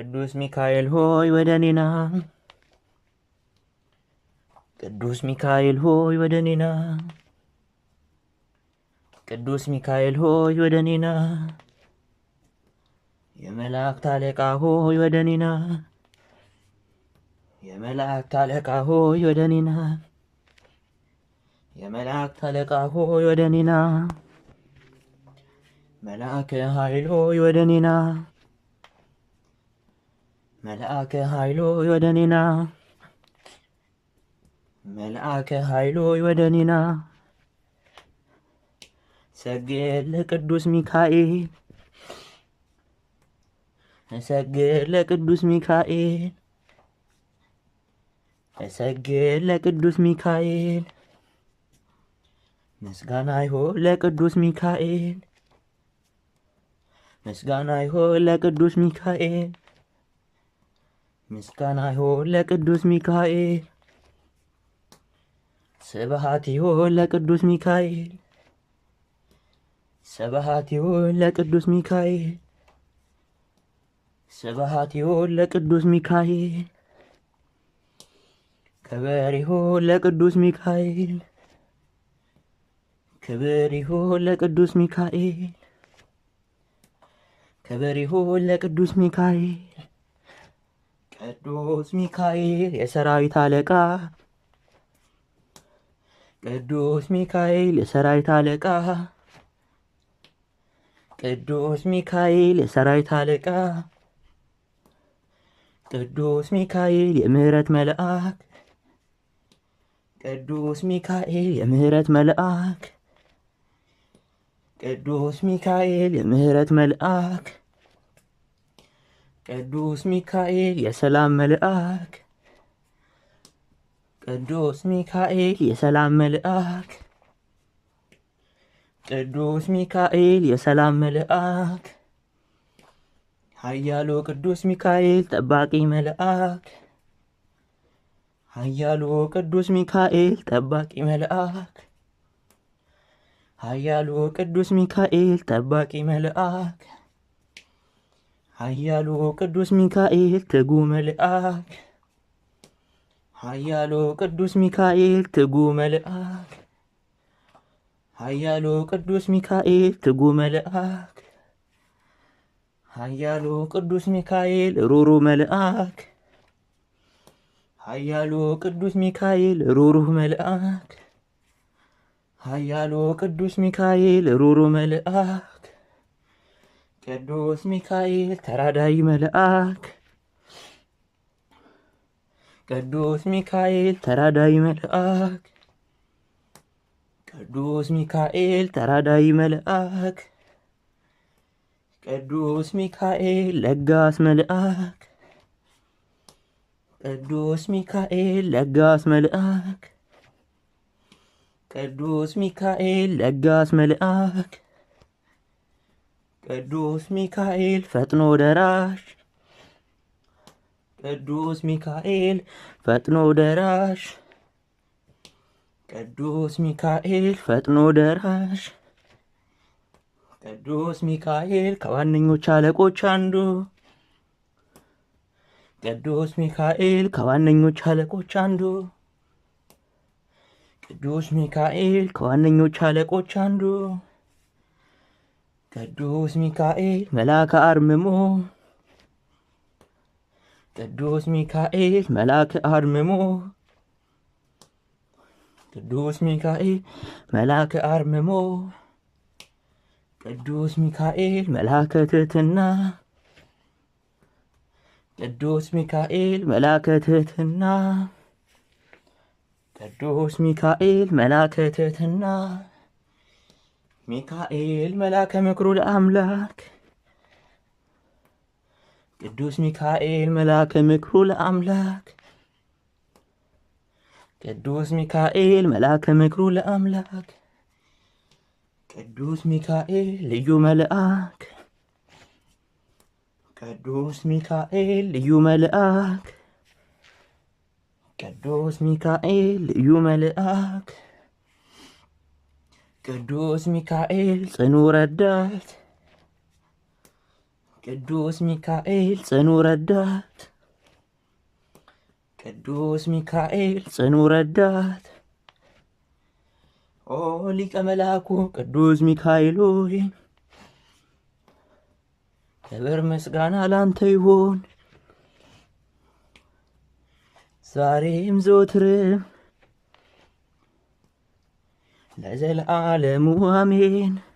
ቅዱስ ሚካኤል ሆይ ወደ እኔና ቅዱስ ሚካኤል ሆይ ወደ እኔና ቅዱስ ሚካኤል ሆይ ወደ እኔና የመላእክት አለቃ ሆይ ወደ እኔና የመላእክት አለቃ ሆይ ወደ እኔና የመላእክት አለቃ ሆይ ወደ እኔና መልአከ ኃይል ሆይ ወደ እኔና መልአከ ኃይሎ ወደ መልአከ ኃይሎ ወደ እኔና ሰግድ ለቅዱስ ሚካኤል እሰግድ ለቅዱስ ሚካኤል እሰግድ ለቅዱስ ሚካኤል ምስጋና ይሁን ለቅዱስ ሚካኤል ምስጋና ይሆ ለቅዱስ ሚካኤል ምስጋና ይሆን ለቅዱስ ሚካኤል፣ ስብሐት ይሆን ለቅዱስ ሚካኤል፣ ስብሐት ይሆን ለቅዱስ ሚካኤል፣ ስብሐት ይሆን ለቅዱስ ሚካኤል፣ ክብር ይሆን ለቅዱስ ሚካኤል፣ ክብር ይሆን ለቅዱስ ሚካኤል፣ ክብር ይሆን ለቅዱስ ሚካኤል ቅዱስ ሚካኤል የሰራዊት አለቃ ቅዱስ ሚካኤል የሰራዊት አለቃ ቅዱስ ሚካኤል የሰራዊት አለቃ ቅዱስ ሚካኤል የምህረት መልአክ ቅዱስ ሚካኤል የምህረት መልአክ ቅዱስ ሚካኤል የምህረት መልአክ ቅዱስ ሚካኤል የሰላም መልአክ ቅዱስ ሚካኤል የሰላም መልአክ ቅዱስ ሚካኤል የሰላም መልአክ ኃያሉ ቅዱስ ሚካኤል ጠባቂ መልአክ ኃያሉ ቅዱስ ሚካኤል ጠባቂ መልአክ ኃያሉ ቅዱስ ሚካኤል ጠባቂ መልአክ ኃያሉ ቅዱስ ሚካኤል ትጉ መልአክ ኃያሉ ቅዱስ ሚካኤል ትጉ መልአክ ኃያሉ ቅዱስ ሚካኤል ትጉ መልአክ ኃያሉ ቅዱስ ሚካኤል ሩሩ መልአክ ኃያሉ ቅዱስ ሚካኤል ሩሩህ መልአክ ኃያሉ ቅዱስ ሚካኤል ሩሩ መልአክ ቅዱስ ሚካኤል ተራዳይ መልአክ ቅዱስ ሚካኤል ተራዳይ መልአክ ቅዱስ ሚካኤል ተራዳይ መልአክ ቅዱስ ሚካኤል ለጋስ መልአክ ቅዱስ ሚካኤል ለጋስ መልአክ ቅዱስ ሚካኤል ለጋስ መልአክ ቅዱስ ሚካኤል ፈጥኖ ደራሽ ቅዱስ ሚካኤል ፈጥኖ ደራሽ ቅዱስ ሚካኤል ፈጥኖ ደራሽ ቅዱስ ሚካኤል ከዋነኞች አለቆች አንዱ ቅዱስ ሚካኤል ከዋነኞች አለቆች አንዱ ቅዱስ ሚካኤል ከዋነኞች አለቆች አንዱ ቅዱስ ሚካኤል መላከ አርምሞ ቅዱስ ሚካኤል መልአከ አርምሞ ቅዱስ ሚካኤል መልአከ አርምሞ ቅዱስ ሚካኤል መልአከ ትህትና ቅዱስ ሚካኤል መልአከ ትህትና ቅዱስ ሚካኤል መልአከ ትህትና ሚካኤል መልአከ ምክሩ ለአምላክ ቅዱስ ሚካኤል መልአከ ምክሩ ለአምላክ ቅዱስ ሚካኤል መልአከ ምክሩ ለአምላክ ቅዱስ ሚካኤል ልዩ መልአክ ቅዱስ ሚካኤል ልዩ መልአክ ቅዱስ ሚካኤል ልዩ መልአክ ቅዱስ ሚካኤል ጽኑ ረዳት፣ ቅዱስ ሚካኤል ጽኑ ረዳት፣ ቅዱስ ሚካኤል ጽኑ ረዳት፣ ኦ ሊቀ መላኩ ቅዱስ ሚካኤል ሆይ ክብር ምስጋና ላንተ ይሆን ዛሬም ዘወትርም زال العالم وامين